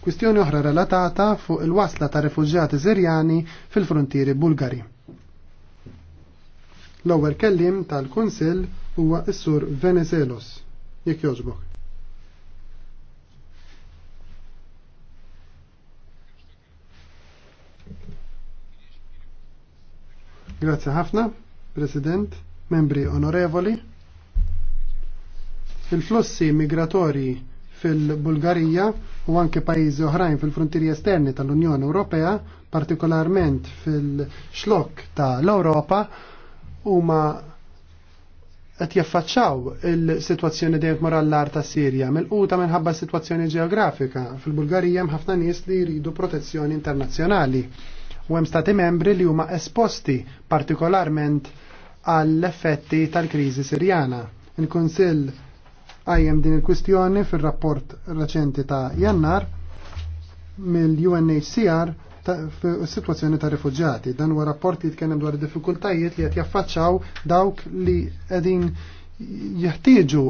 Kwistjoni oħra relatata fuq il-wasla ta' rifuġjati Sirjani fil-frontieri Bulgari. L-ewwel kellim tal-Kunsill huwa s-sur Venizelos. Jekk jogħġbok. Grazie ħafna, President, membri onorevoli. Il-flussi migratori fil-Bulgarija u anke pajjiżi oħrajn fil-frontieri esterni tal-Unjoni Ewropea, partikolarment fil-xlok ta' l-Ewropa, huma qed jaffaċċaw il-sitwazzjoni dejjem morallar ta' Sirja mill-quta minħabba sitwazzjoni ġeografika. Fil-Bulgarija hemm ħafna nies li jridu protezzjoni internazzjonali u hemm stati membri li huma esposti partikolarment għall-effetti tal-kriżi Sirjana. Il-Kunsill għajjem din il-kwistjoni fil-rapport reċenti ta' jannar mill-UNHCR situazzjoni ta' rifugġati. Dan huwa rapport jitkellem dwar diffikultajiet li qed jaffaċċaw dawk li qegħdin jeħtieġu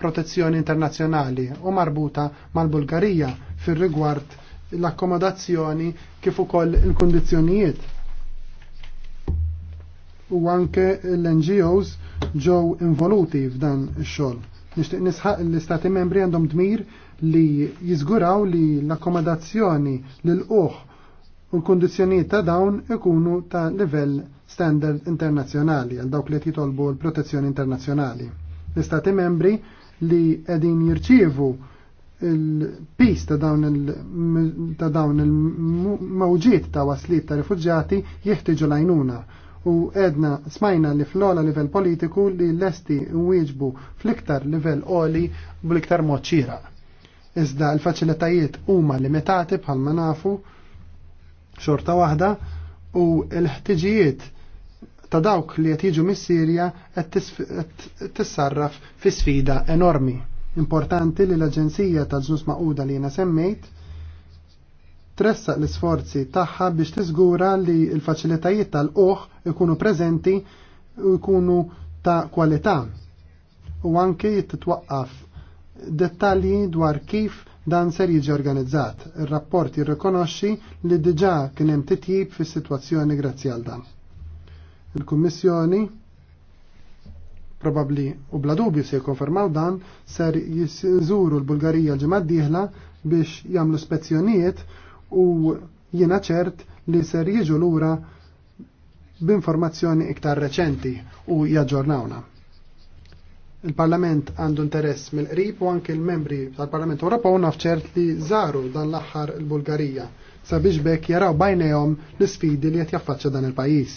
protezzjoni internazzjonali u marbuta mal-Bulgarija fir-rigward l-akkomodazzjoni kif ukoll il-kundizzjonijiet. U anke l-NGOs ġew involuti f'dan ix-xogħol. Nixtieq nisħaq l-Istati membri għandhom dmir li jiżguraw li l-akkomodazzjoni lil uħ u l-kondizzjonijiet ta' dawn ikunu ta' livell standard internazzjonali għal dawk li jitolbu l-protezzjoni internazzjonali. L-Istati membri li qegħdin jirċievu il-pis ta' dawn il-mawġiet ta' waslit ta' rifugġati jieħtiġu lajnuna u edna smajna li fl-ola livell politiku li l-esti wieġbu fl-iktar livell oli u l-iktar moċira. Iżda l-faċilitajiet huma limitati bħal ma nafu xorta waħda u l-ħtiġijiet ta' dawk li qed jiġu mis-Sirja qed tissarraf fi sfida enormi. Importanti li l-Aġenzija tal-Ġnus Maquda li jiena semmejt tressaq l-isforzi tagħha biex tiżgura li l-faċilitajiet tal oħ ikunu preżenti u jkunu ta' kwalità u anke jitwaqqaf dettalji dwar kif dan ser jiġi organizzat. Ir-rapport jirrikonoxxi li diġà kien hemm titjib fis-sitwazzjoni grazzi għal dan. Il-Kummissjoni probabbli u bla dubju se jikkonfermaw dan ser jiżuru l-Bulgarija ġimgħa d-dieħla biex jagħmlu spezzjonijiet u jiena ċert li ser jiġu lura b'informazzjoni iktar reċenti u jaġġornawna. Il-Parlament għandu interess mill-qrib u anke l-membri tal-Parlament Ewropew nafċert li żaru dan l-aħħar il-Bulgarija sabiex bekk jaraw bajnejhom l-sfidi li qed jaffaċċja dan il-pajjiż.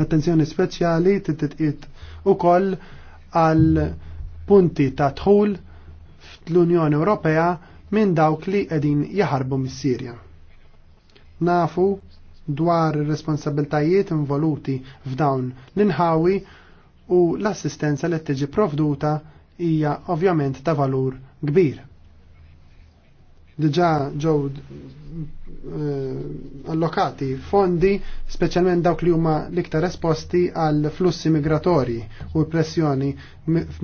Attenzjoni speċjali titqiet ukoll għal punti ta' dħul fl-Unjoni Ewropea minn dawk li qegħdin jaħarbu mis-Sirja. Nafu dwar ir-responsabiltajiet involuti f'dawn l-inħawi u l-assistenza li tiġi provduta hija ovvjament ta' valur kbir diġa ġew eh, allokati fondi speċjalment dawk li huma l-iktar esposti għal flussi migratorji u pressjoni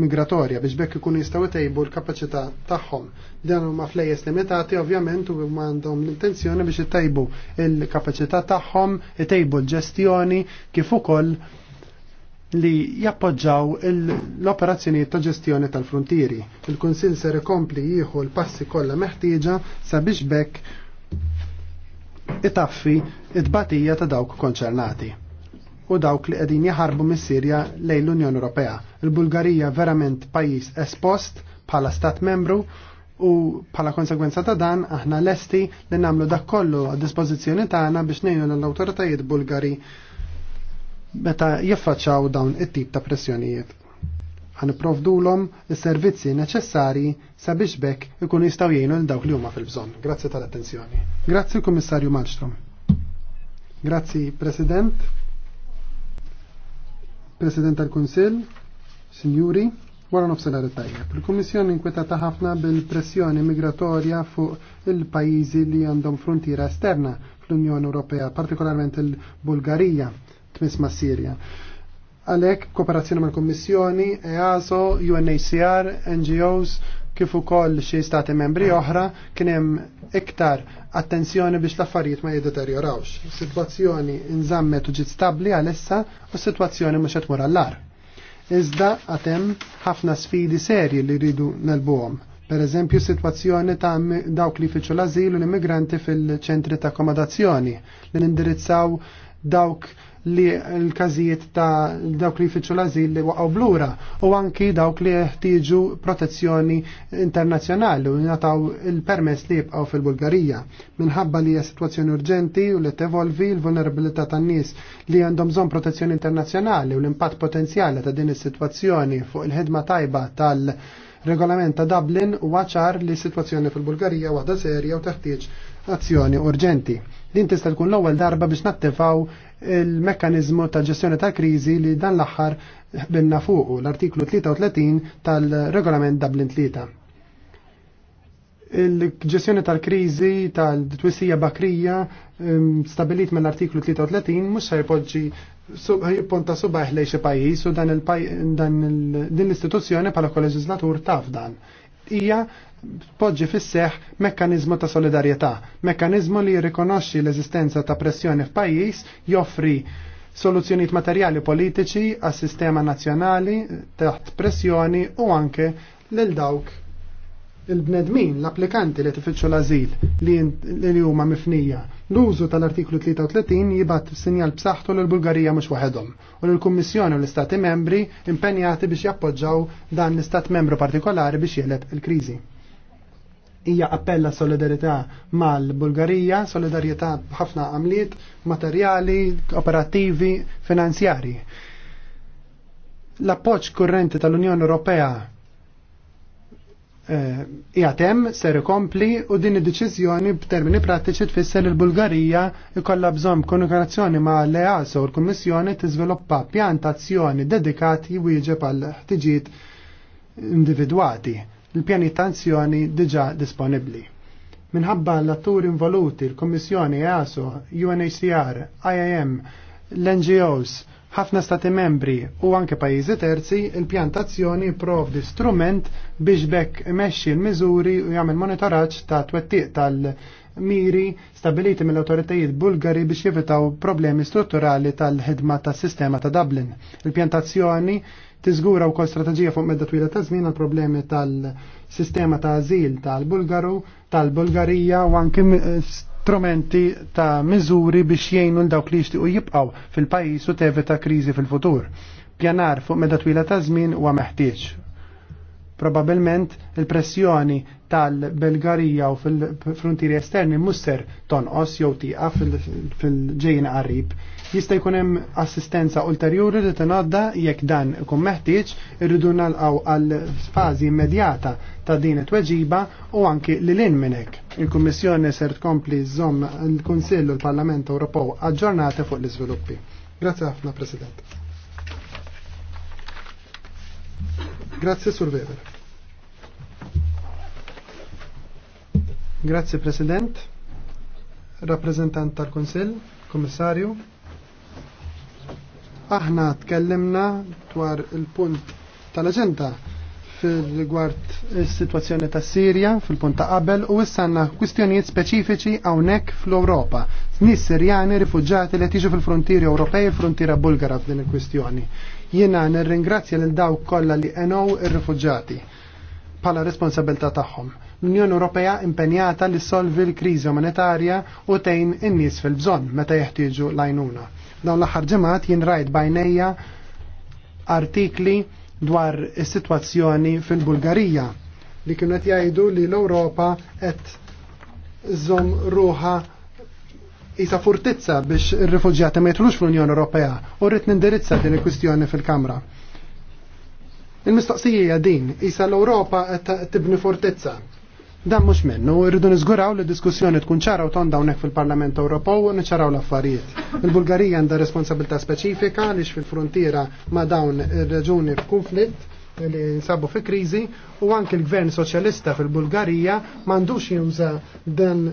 migratorja biex bekk ikun jistgħu jtejbu l-kapaċità tagħhom. Dan huma flejjes limitati ovvjament u huma għandhom l-intenzjoni biex itejbu l-kapaċità tagħhom, itejbu l-ġestjoni kif ukoll li jappoġġaw l-operazzjonijiet ta' ġestjoni tal-frontieri. Il-Kunsil ser ikompli jieħu l-passi kollha meħtieġa sabiex bekk itaffi it tbatija ta' dawk konċernati u dawk li qegħdin jaħarbu mis-Sirja lejn l-Unjoni Ewropea. Il-Bulgarija verament pajjiż espost bħala stat membru u bħala konsegwenza ta' dan aħna lesti li nagħmlu dak kollu għad dispożizzjoni tagħna biex ngħinu l-awtoritajiet Bulgari meta jiffaċċaw dawn it-tip ta' pressjonijiet. l-om is-servizzi neċessari sabiex bekk ikun jistgħu jgħinu l dawk li huma fil-bżonn. Grazzi tal-attenzjoni. Grazzi Kommissarju Malmström. Grazzi President, President tal-Kunsill, Sinjuri, wara nofsinhar it-tajjeb. Il-Kummissjoni inkwetata ħafna bil-pressjoni migratorja fuq il-pajjiżi li għandhom frontiera esterna fl-Unjoni Ewropea, partikolarment il-Bulgarija tmiss ma' Sirja. Għalek, kooperazzjoni mal kommissjoni EASO, UNHCR, NGOs, kif ukoll xi stati membri oħra kien hemm iktar attenzjoni biex l-affarijiet ma jiddeterjorawx. Sitwazzjoni nżammet u ġiet stabbli għalissa u s-sitwazzjoni mhux qed ar Iżda għad hemm ħafna sfidi serji li jridu nelbuhom. Per eżempju, situazzjoni ta' dawk li fiċu l u l-immigranti fil-ċentri ta' akkomodazzjoni li nindirizzaw dawk li l-każijiet ta' dawk li jfittxu l-azil li waqgħu blura u anki dawk li jeħtieġu protezzjoni internazzjonali u jingħataw il-permess li jibqgħu fil-Bulgarija. Minħabba li hija sitwazzjoni urġenti u li tevolvi l-vulnerabilità tan-nies li għandhom bżonn protezzjoni internazzjonali u l-impatt potenzjali ta' din is-sitwazzjoni fuq il-ħidma tajba tal- regolament ta' Dublin u għacħar li situazzjoni fil-Bulgarija waħda serja u teħtieġ azzjoni urġenti. Din tista' tkun l-ewwel darba biex nattivaw il-mekkaniżmu ta' ġestjoni ta' kriżi li dan l-aħħar ħbinna fuqu l-artiklu 33 tal-regolament Dublin 3. Il-ġestjoni tal-kriżi tal-twissija bakrija um, stabilit mill-artiklu 33 mhux se jpoġġi ponta subaħ lejn xi pajjiż u dan l-istituzzjoni bħala leġislatur taf dan hija poġġi fis-seħ ta' solidarjetà, mekkaniżmu li jirrikonoxxi l-eżistenza ta' pressjoni f'pajjiż, joffri soluzzjonijiet materjali politiċi għas-sistema nazzjonali taħt pressjoni u anke lil dawk il-bnedmin, l-applikanti li tifittxu l-azil li huma mifnija. L-użu tal-artiklu 33 jibat sinjal b'saħħtu l bulgarija mhux waħedhom u l-Kummissjoni u l-Istati membri impenjati biex jappoġġaw dan l-Istat membru partikolari biex jeleb il-kriżi. Hija appella solidarità mal-Bulgarija, solidarjetà b'ħafna għamliet materjali, operattivi, finanzjari. L-appoġġ kurrenti tal-Unjoni Ewropea Eh, jatem ser ikompli u din id-deċiżjoni b'termini prattiċi tfisser il-Bulgarija ikollha bżonn komunikazzjoni ma' l easa u l-Kummissjoni tiżviluppa pjantazzjoni dedikati wieġeb għal ħtiġijiet individwati. Il-pjani azzjoni diġa disponibbli. Minħabba l-atturi involuti, l-Kommissjoni, EASO, UNHCR, IAM, l-NGOs, ħafna stati membri u anke pajjiżi terzi il-pjantazzjoni di strument biex bekk imexxi l-miżuri u jagħmel monitoraċ ta' twettiq tal-miri stabiliti mill-awtoritajiet Bulgari biex jevitaw problemi strutturali tal-ħidma tas-sistema ta' Dublin. Il-pjantazzjoni tiżgura wkoll strategija fuq medda twila ta' żmien għal problemi tal-sistema ta' ażil tal-Bulgaru, tal-Bulgarija u anke strumenti ta' miżuri biex jgħinu l-dawk li jixtiequ jibqgħu fil-pajjiż u tevita kriżi fil-futur. Pjanar fuq meda twila ta' żmien huwa meħtieġ. Probabilment il-pressjoni tal-Belgarija u fil-frontieri esterni musser tonqos jew tieqa fil-ġejjin qarrib jista' jkun hemm assistenza ulterjuri li tingħadda jekk dan ikun meħtieġ irridu nalqgħu għal fażi immedjata ta' din it-tweġiba u anki li lin minn hekk. Il-Kummissjoni ser tkompli żomm il-Kunsill u l-Parlament Ewropew aġġornati fuq l-iżviluppi. Grazzi ħafna President. Grazzi Sur Weber. Grazzi President, rappresentant tal-Kunsill, Kommissarju. Aħna tkellimna dwar il-punt tal-aġenda fil-rigward is-sitwazzjoni tas Sirja fil-punt ta' qabel u issa għandna kwistjonijiet speċifiċi hawnhekk fl-Ewropa. Nis Sirjani rifuġġati li tiġu fil-frontieri Ewropej u frontiera Bulgara f'din il-kwistjoni. Jiena nirringrazzja lil dawk kollha li qenow ir-rifuġġati bħala responsabilità tagħhom. L-Unjoni Ewropea impenjata li solvi l-kriżi umanitarja u tgħin in-nies fil-bżonn meta jeħtieġu l-għajnuna Dawn l-aħħar ġimgħat jien rajt bajnejja artikli dwar is-sitwazzjoni fil-Bulgarija li kienu qed jgħidu li l-Ewropa qed żomm ruha isa furtizza biex ir-rifuġjati ma jitlux fl-Unjoni Ewropea u rrid nindirizza din il-kwistjoni fil-Kamra. Il-mistoqsija din isa l-Ewropa qed tibni fortizza Dan mhux minnu, irridu niżguraw li diskussjoni tkun ċara u tonda unek fil-Parlament Ewropew u niċċaraw l-affarijiet. Il-Bulgarija għandha responsabilità speċifika għaliex fil-frontiera ma' dawn ir-reġuni f'kunflitt li nsabu fi kriżi u anke l-Gvern Soċjalista fil-Bulgarija m'għandux juża dan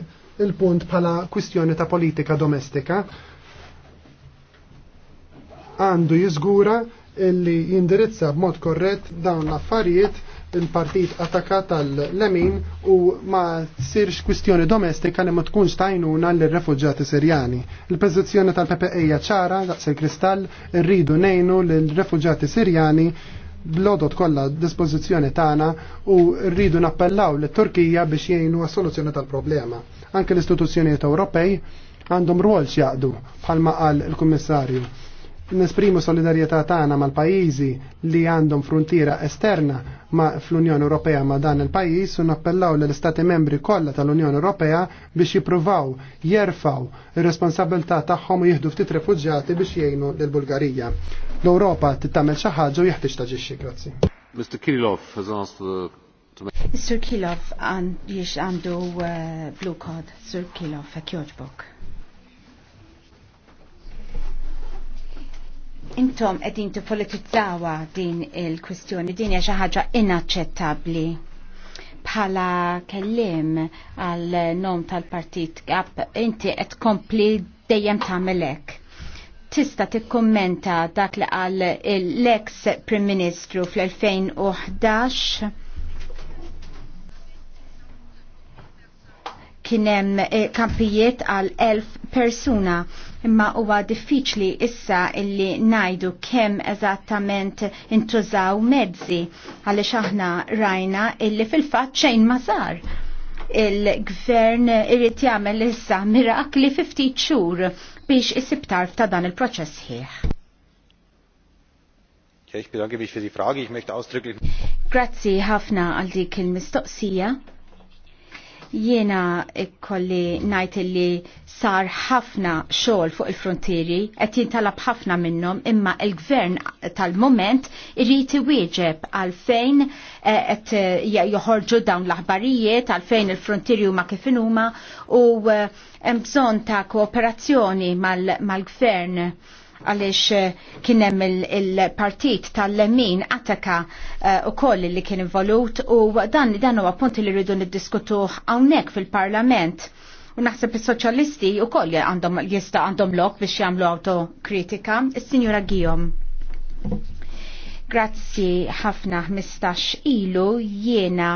il-punt bħala kwistjoni ta' politika domestika. Għandu jiżgura illi jindirizza b'mod korrett dawn l-affarijiet il-partit attakat tal-lemin u ma sirx kwistjoni domestika li ma tkunx tajnuna l-refugġati sirjani. Il-pozizjoni tal-PPE ċara, daqs il-kristall, rridu nejnu l-refugġati sirjani blodot kolla dispozizjoni tagħna u rridu nappellaw l turkija biex jgħinu għas-soluzzjoni tal-problema. Anke l-istituzzjonijiet Ewropej għandhom rwol x'jaqdu bħalma qal il-Kummissarju nesprimu solidarietà tagħna mal-pajjiżi li għandhom frontiera esterna ma' fl-Unjoni Ewropea ma' dan il pajis u nappellaw lill istati membri kollha tal-Unjoni Ewropea biex jippruvaw jerfaw ir-responsabilità tagħhom u jieħdu ftit refuġjati biex jgħinu l Bulgarija. L-Ewropa tittamel xi ħaġa u jeħtieġ taġixxi, grazzi. Mr. Kirillov has asked the Mr. Kirillov għandu uh, blue card. Sir Kirillov, book. Intom qegħdin tipolitizzawa din il-kwistjoni, din hija xi ħaġa inaċċettabbli bħala kellim għal nom tal-partit għab inti qed kompli dejjem tagħmel hekk. Tista tikkummenta dak li qal l-ex Prim Ministru fl-2011 kienem eh, kampijiet għal elf persuna imma huwa diffiċli issa illi najdu kemm eżattament intużaw mezzi għaliex aħna rajna illi fil-fatt xejn ma sar il-gvern irid jagħmel issa mirakli 50 xhur biex isib tarf ta' dan il-proċess ħieħ. ich bedanke mich für die Frage. Ich möchte ausdrücklich Grazzi ħafna għal dik il-mistoqsija. Jiena kolli najt li sar ħafna xogħol fuq il-frontieri qed jintalab ħafna minnhom imma il-gvern tal-moment irid iwieġeb għalfejn eh, qed eh, joħorġu dawn l-aħbarijiet għalfejn il-frontieri huma kif huma u eh, hemm bżonn ta' kooperazzjoni mal-gvern mal gvern għalix eh, kienem il-partit tal-lemin attaka eh, u koll li kien involut u dan dan huwa punti li rridu niddiskutuh hawnhekk fil-Parlament. U naħseb is-soċjalisti u koll għandhom jista' għandhom lok biex jagħmlu autokritika. is signora Gijom. Grazzi ħafna 15 ilu jiena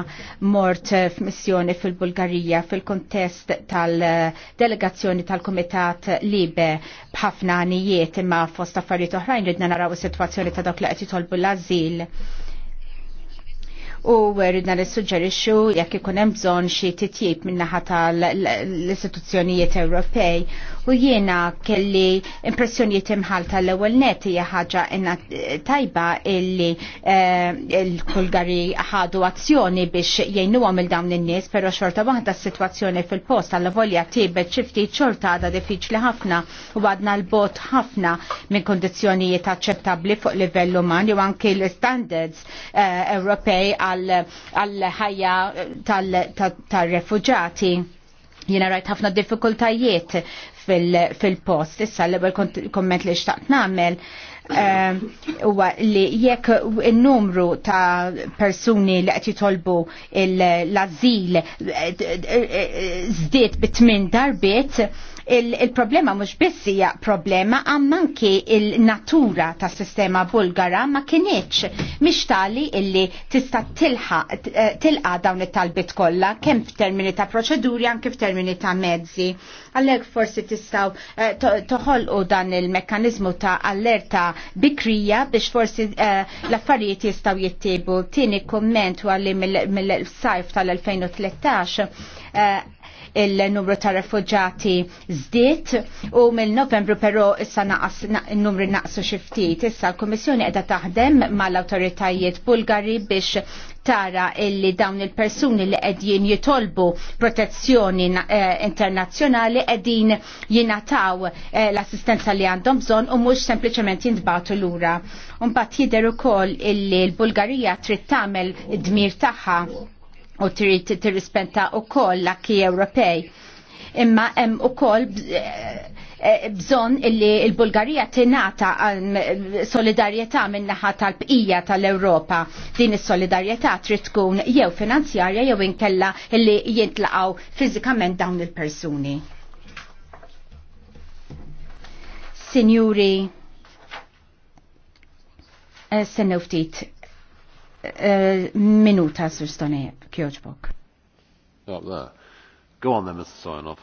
mort f'missjoni fil-Bulgarija fil-kontest tal-delegazzjoni tal-Komitat Libe b'ħafna nijiet imma fost affarijiet oħrajn ridna naraw is-sitwazzjoni ta' dawk li qed jitolbu l-azil. U ridna nissuġġerixxu jekk ikun hemm bżonn xi titjib min-naħa tal-istituzzjonijiet Ewropej u jiena kelli impressjoni timħal tal ewwel net hija ħaġa inna tajba illi eh, l-Kulgari ħadu azzjoni biex jgħinuhom il dawn in-nies, però xorta waħda s-sitwazzjoni fil-post għall volja tibet xifti xorta għadha diffiċli ħafna u għadna l-bot ħafna minn kondizzjonijiet aċċettabbli fuq livell uman jew anki l-standards eh, Ewropej għall-ħajja tal-refuġati jena rajt ħafna diffikultajiet fil-post. Fil Issa l-ewwel komment li xtaqt nagħmel eh, huwa li jekk in-numru ta' persuni li qed jitolbu l-azil żdied eh, eh, bit tmin darbiet, il-problema mhux biss hija problema anki il-natura ta' sistema bulgara ma kienieċ mish tali illi tista' tilqa dawn it-talbit kollha kemm f'termini ta' proċeduri anke f'termini ta' mezzi. Għalhekk forsi tistgħu eh, toħolqu dan il-mekkaniżmu ta' allerta bikrija biex forsi eh, l-affarijiet jistgħu jittibu. tini komment għalli mill-sajf tal-2013 eh, il-numru ta' refugġati zdiet u mill-Novembru però issa naqas il-numru naqsu xiftit. Issa l komissjoni qiegħda taħdem mal-awtoritajiet Bulgari biex tara illi dawn il-persuni li qegħdin jitolbu protezzjoni eh, internazzjonali qegħdin jingħataw eh, l-assistenza li għandhom bżonn u mhux sempliċement jintbagħtu lura. Mbagħad jidher ukoll illi l-Bulgarija trid tagħmel id-dmir tagħha u trid tirrispetta wkoll l-akki Ewropej. Imma hemm ukoll eh, eh, bżonn illi l-Bulgarija tingħata solidarjetà min naħa tal-bqija tal-Ewropa. Din is-solidarjetà trid tkun jew finanzjarja jew inkella illi jintlaqgħu fiżikament dawn il-persuni. Sinjuri, eh, sennew ftit Eh, minuta sur stone kjoġbok. Go on then, Mr. Stoyanov.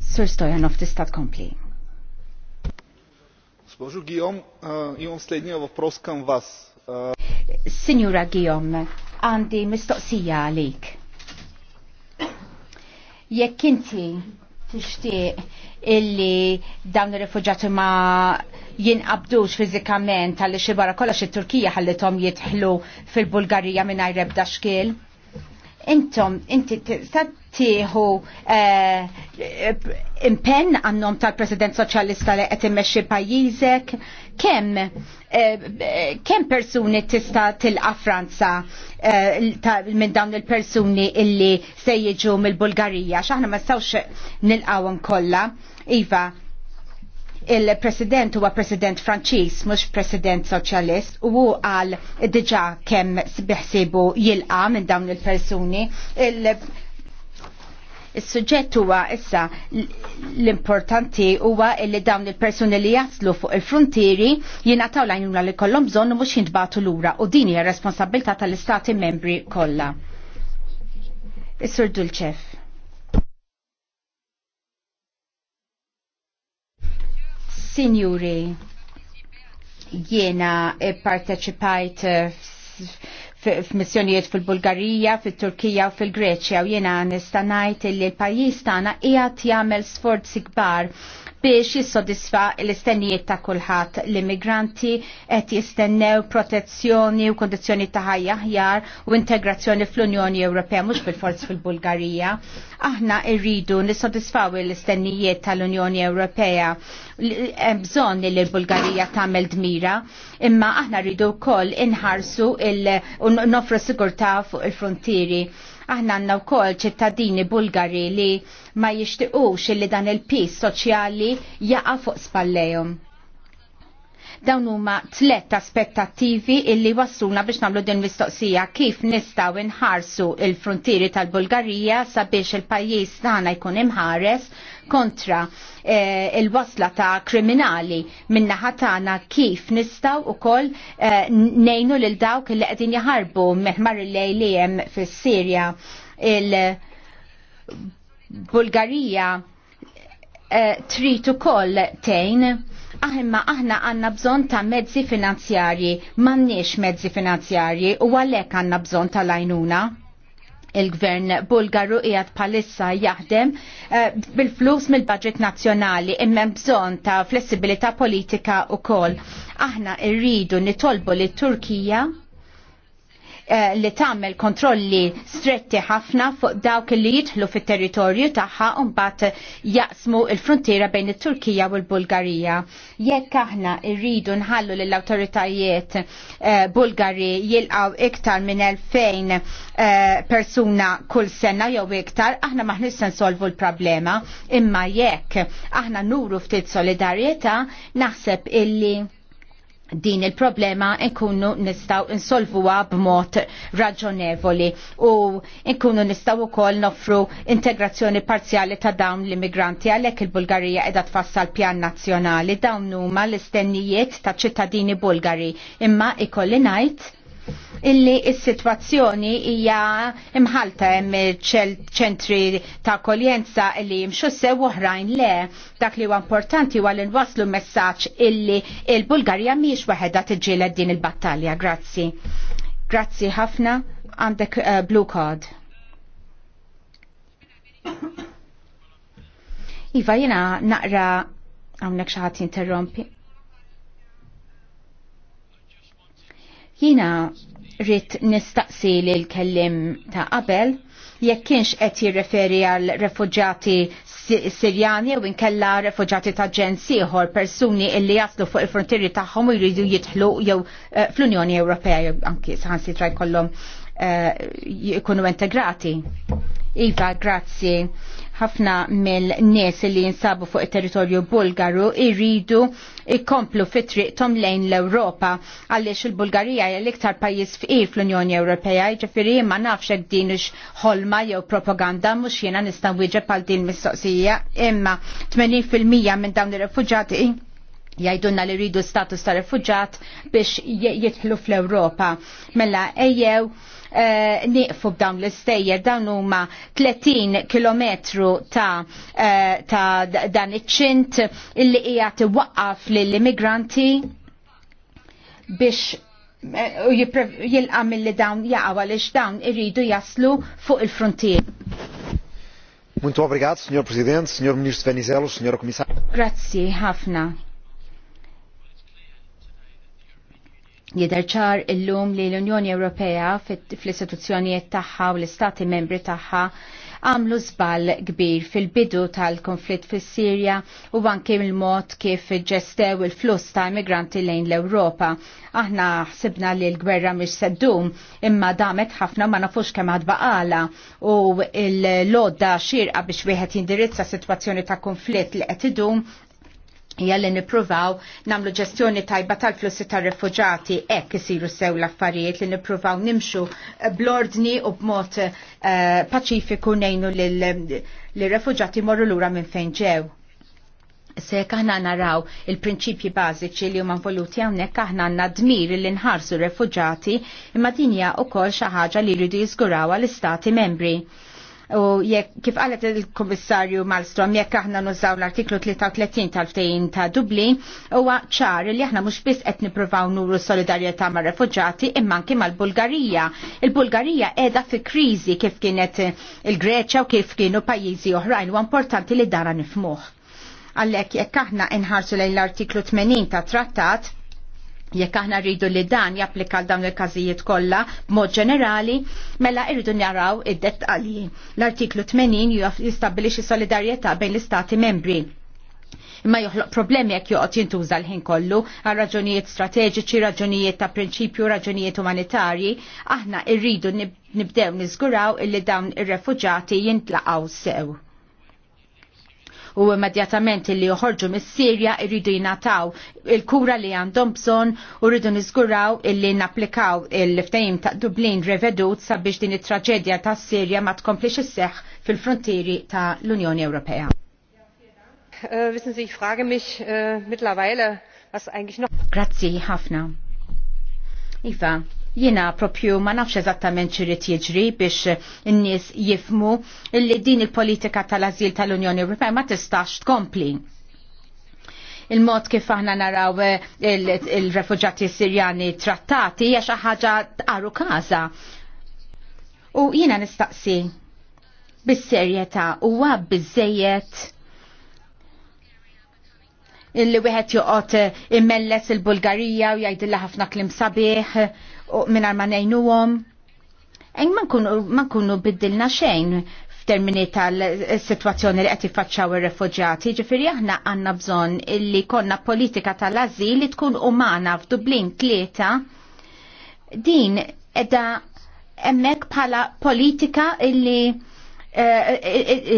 Sir Stojanov, tista' tkompli. Госпожо Гиом, имам следния въпрос към vas. Signora Gijom, andi mistoqsija għalik. Jekk inti tixtieq illi dawn ir-rifuġati ma jinqabdux fiżikament għalli xi barra kollox it-Turkija ħallithom jitħlu fil-Bulgarija mingħajr ebda xkiel. Intom, inti tieħu eh, impenn għannom tal-President Soċjalista li qed immexxi pajjiżek, kemm eh, kemm persuni tista' tilqa' Franza eh, minn dawn il-persuni illi se jiġu mill-Bulgarija, x'aħna ma stawx nilqawhom kollha. Iva, il-president huwa president Franċiż mhux president soċjalist u għal qal diġà kemm biħsibu jilqa' minn dawn il-persuni. Il Is-suġġett huwa issa l-importanti huwa li dawn il-persuni li jaslu fuq il-frontieri jingħataw l-għajnuna li kollhom bżonn u mhux jintbagħtu lura u din hija responsabilità tal-istati membri kollha. Is-Sur Dulcef. Signori, jiena parteċipajt f'missjonijiet fil-Bulgarija, fil-Turkija u fil-Greċja u jena nista' ngħid li l-pajjiż tagħna qiegħed jagħmel sforzi kbar biex jissodisfa l-istennijiet ta' kulħadd l-immigranti qed jistennew protezzjoni u kondizzjoni ta' ħajja aħjar u integrazzjoni fl-Unjoni Ewropea mhux bil-forz fil-Bulgarija. Aħna rridu nissodisfaw l-istennijiet tal-Unjoni Ewropea hemm bżonn li l-Bulgarija tagħmel dmira, imma aħna rridu wkoll inħarsu il-nofru sigurtà fuq il-frontieri Aħna għandna wkoll ċittadini Bulgari li ma jishtiqux li dan il-pis soċjali jaqa' fuq spallejhom. Dawn huma tlet aspettattivi illi wassuna biex nagħmlu din mistoqsija kif nistgħu nħarsu il-frontieri tal-Bulgarija sabiex il-pajjiż tagħna jkun imħares kontra eh, il-wasla ta' kriminali minna ħatana kif nistaw u koll eh, nejnu lil dawk li qegħdin jaħarbu meħmar il-lejlijem fis-Sirja il-Bulgarija eh, tritu koll tejn aħimma ah, aħna għanna bżon ta' mezzi finanzjarji, mannix mezzi finanzjarji u għalek għanna bżon ta' lajnuna il-gvern bulgaru qiegħed palissa jaħdem eh, bil-flus mill-budget nazzjonali imma bżonn ta' flessibilità politika wkoll. Aħna rridu nitolbu lit Turkija Eh, li tagħmel kontrolli stretti ħafna fuq dawk li jidħlu fit-territorju tagħha un mbagħad jaqsmu l-frontiera bejn it-Turkija u l-Bulgarija. Jekk aħna rridu nħallu lill awtoritajiet eh, Bulgari jilqgħu iktar minn 2000 eh, persuna kull sena jew iktar, aħna maħnis nsolvu l-problema imma jekk aħna nuru ftit solidarjetà naħseb illi din il-problema nkunu nistaw insolvuha b'mod raġonevoli u nkunu nistaw ukoll nofru integrazzjoni parzjali ta' dawn l-immigranti għalhekk il-Bulgarija qiegħda tfassal pjan nazzjonali dawn huma l-istennijiet ta' ċittadini Bulgari imma ikolli ngħid illi s-situazzjoni hija imħalta hemm ċentri ta' koljenza illi jimxu sew oħrajn le dak li huwa importanti huwa li nwasslu messaġġ illi il-Bulgarija mhijiex waħedha tiġġieled din il-battalja. Grazzi. Grazzi ħafna għandek uh, blue card. Iva jena naqra għamnek xaħat interrompi. Jina rrit nistaqsi li l-kellim ta' qabel jekk kienx qed jirreferi għal refuġjati Sirjani u inkella refuġjati ta' ġen sieħor persuni illi jaslu fuq il-frontieri tagħhom u jridu jidħlu jew eh, fl-Unjoni Ewropea jew anki saħansi tra jkollhom eh, jkunu integrati. Iva, grazzi ħafna mill-nies li jinsabu fuq it-territorju Bulgaru irridu ikomplu fit-triq tom lejn l-Ewropa għaliex il-Bulgarija hija l-iktar pajjiż fqir fl-Unjoni Ewropea, ġifieri ma nafx hekk din ħolma jew propaganda mhux jiena nista' wieġeb għal din mistoqsija, imma 80% minn dawn ir-refuġati jajdunna li rridu status ta' refugġat biex jitħlu fl ewropa Mela ejjew eh, nieqfu b'dawn l-istejjer dawn huma 30 km ta', eh, ta dan iċ-ċint illi hija waqqaf lill-immigranti biex eh, jilqa mill-li dawn jaqaw għaliex dawn irridu jaslu fuq il-frontier. Muntu obrigat, Signor Presidente, Signor Ministro Venizelos, Signor Komissar. Grazie, ħafna. Jidher ċar illum li l-Unjoni Ewropea fl-istituzzjonijiet tagħha u l-istati membri tagħha għamlu żball kbir fil-bidu tal-konflitt fis sirja u anke il-mod kif ġestew il-fluss ta' immigranti lejn l-Ewropa. Aħna ħsibna li l-gwerra mhix seddum imma damet ħafna ma nafux kemm baqala u l-lodda xirqa biex wieħed jindirizza sitwazzjoni ta' konflitt li qed idum hija li nippruvaw nagħmlu ġestjoni tajba tal-flussi tar-refuġati hekk isiru sew l-affarijiet li nippruvaw nimxu eh, blordni u b'mod uh, paċifiku ngħinu li refuġati morru lura minn fejn ġew. Se aħna naraw il-prinċipji bażiċi li huma voluti hawnhekk aħna għandna li nħarsu refuġati imma din hija wkoll xi ħaġa li jridu jiżguraw għall istati membri U jekk kif qalet il-Kummissarju Malmstrom jekk aħna nużaw l-artiklu 33 tal ftejn ta' Dublin huwa ċar li aħna mhux biss qed nippruvaw nuru solidarjetà mar refuġati imma anke mal-Bulgarija. Il-Bulgarija qiegħda fi kriżi kif kienet il-Greċja u kif kienu pajjiżi oħrajn u importanti li dara nifmuh. Għalhekk jekk aħna nħarsu lejn l-artiklu 80 ta' trattat jekk aħna rridu li dan japplika l dawn il-każijiet kollha b'mod ġenerali, mela rridu naraw id-dettalji. L-artiklu 80 jistabbilixi solidarjetà bejn l-istati membri imma joħloq problemi jekk joqgħod jintuża l-ħin kollu għal raġunijiet strateġiċi, raġunijiet ta' prinċipju, raġunijiet umanitarji, aħna rridu nibdew niżguraw illi dawn ir-refuġati jintlaqgħu sew u immedjatament li joħorġu mis-Sirja irridu jinataw il-kura li għandhom bżonn u rridu niżguraw illi napplikaw il ftajim ta' Dublin revedut sabiex din it-traġedja ta' Sirja ma tkomplix isseħħ fil-frontieri ta' l-Unjoni Ewropea. Äh, wissen Sie, ich frage mich äh, mittlerweile, was eigentlich noch. Grazzi, ħafna. Iva, Jina propju ma nafx eżattament xirrit jiġri biex n-nies jifmu li din il-politika tal-azil tal-Unjoni Ewropea ma tistax tkompli il-mod kif aħna naraw eh, il-refugġati sirjani trattati hija xi ħaġa tqaru każa. U jiena nistaqsi bis-serjetà huwa il li wieħed joqgħod immelles il-Bulgarija u jgħidilha ħafna klim sabiħ minar ma Eng Ma nkunu biddilna xejn f'termini tal-situazzjoni li qed jiffaċċaw ir refugġati ġifiri aħna għandna bżonn illi konna politika tal-ażil li tkun umana f'Dublin tlieta din edha emmek bħala politika illi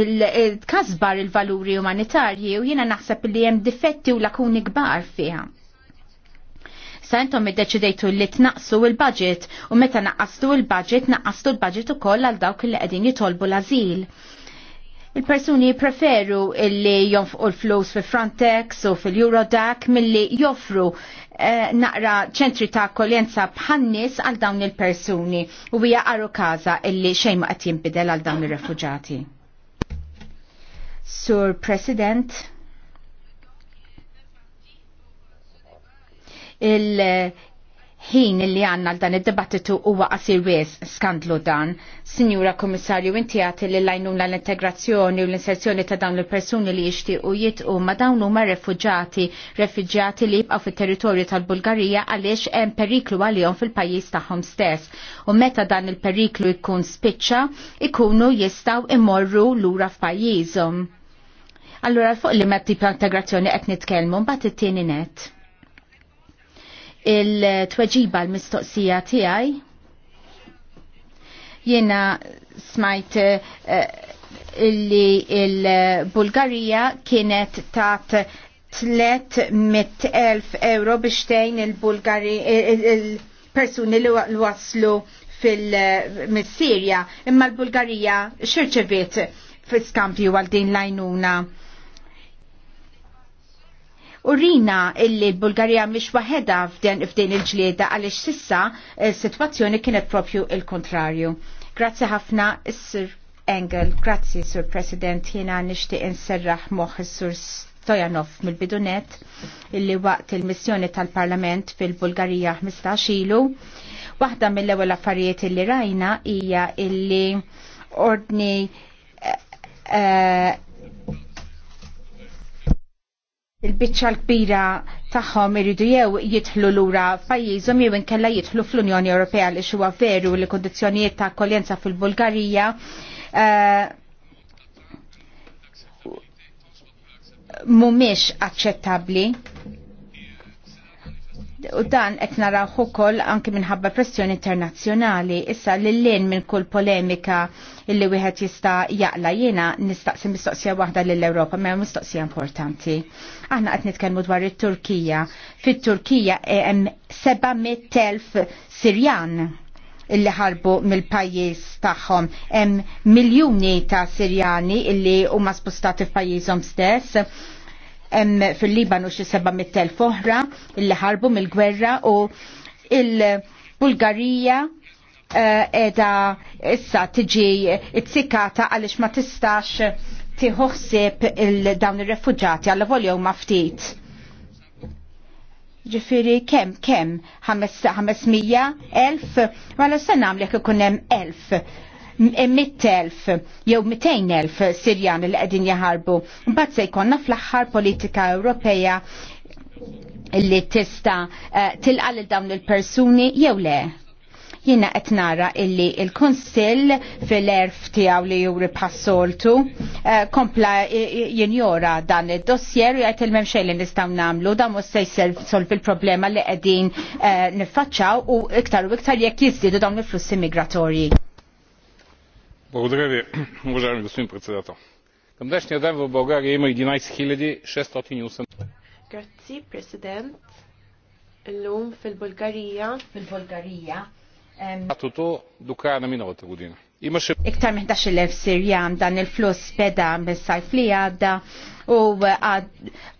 il-kazbar il-valuri umanitarji u jiena naħseb li hemm difetti u lakuni gbar fiha. Sa intom iddeċidejtu li tnaqsu il-budget u meta naqastu il-budget naqqastu il-budget ukoll għal dawk li qegħdin jitolbu l-azil. Il-persuni preferu illi jonfqu l-flus fi Frontex u fil-Eurodac milli joffru eh, naqra ċentri ta' kolienza bħannis għal dawn il-persuni u hija qaru kaza illi xejn ma qed jinbidel għal dawn ir refugġati Sur President, il-ħin li għanna l-dan id-dibattitu huwa qasir wis skandlu dan. Sinjura Komissarju, inti għati li lajnuna l-integrazzjoni u l-inserzjoni ta' dawn l-persuni li jixtiequ jitqu ma dawn ma refugġati, refugġati li jibqaw fit-territorju tal-Bulgarija għaliex hemm periklu għalihom fil-pajjiż tagħhom stess. U meta dan il-periklu jkun spiċċa, ikunu jistgħu imorru lura f'pajjiżhom. Allura fuq li ma tip integrazzjoni qed nitkellmu mbagħad it-tieni net il-tweġiba l-mistoqsija tiegħi. Jiena smajt eh, illi il-Bulgarija kienet tat 300.000 euro biex tgħin il-Bulgari il-persuni li waslu fil-Sirja imma l-Bulgarija xirċeviet fi skampju għal din lajnuna U rina illi l-Bulgarija mhix waħedha f'din il-ġlieda għaliex sissa eh, s-sitwazzjoni kienet propju il-kontrarju. Grazzi ħafna is-Sir Engel, grazie Sur President, jiena nixtieq inserraħ moħħ is-Sur Stojanov mill-bidunet illi waqt il-missjoni tal-Parlament fil-Bulgarija 15 ilu. Waħda mill-ewwel affarijiet illi rajna hija illi ordni uh, il-bicċa l-kbira tagħhom iridu jew l lura f'pajjiżhom jew inkella jidħlu fl-Unjoni Ewropea li huwa veru li kundizzjonijiet ta' kolienza fil-Bulgarija uh, mhumiex aċċettabbli U dan qed naraw ukoll anke minħabba pressjoni internazzjonali issa lil-lin minn kull polemika illi wieħed jista' jaqla jiena nistaqsi mistoqsija waħda lill europa ma mistoqsija importanti. Aħna qed nitkellmu dwar it-Turkija. Fit-Turkija hemm 700,000 Sirjan illi ħarbu mill-pajjiż tagħhom. Hemm miljuni ta' Sirjani illi huma spostati f'pajjiżhom stess hemm fil-Libanu xi 700,000 oħra illi ħarbu mill-gwerra u il-Bulgarija eh, edha issa tiġi it-sikata għaliex ma tistax tiħuħsib dawn ir-refuġati għal volju ftit. Ġifiri kem, kem, 500, 1000, ma mela l-sanam li kunem 1000 100.000 jew elf Sirjan li qegħdin jaħarbu. Mbagħad se jkollna fl-aħħar politika Ewropea li tista eh, tilqa lil dawn il-persuni jew le jina qed nara illi il-Konsill fil-erf tiegħu li juri passoltu eh, kompla jinjora dan id-dossier u jgħid il-mem li nistgħu nagħmlu dan mhux se jsolvi il-problema li qegħdin eh, nifaċċaw u iktar u iktar jekk jiżdiedu dawn il-flussi migratorji. Благодаря ви, уважаеми господин председател. Към днешния ден в България има 11 608. Граци, президент. Лум фил-България. Фил-България. Атото до края на миналата година. Имаше... Iktar minn 11.000 Sirjan dan il-flus beda mis-sajf li għadda u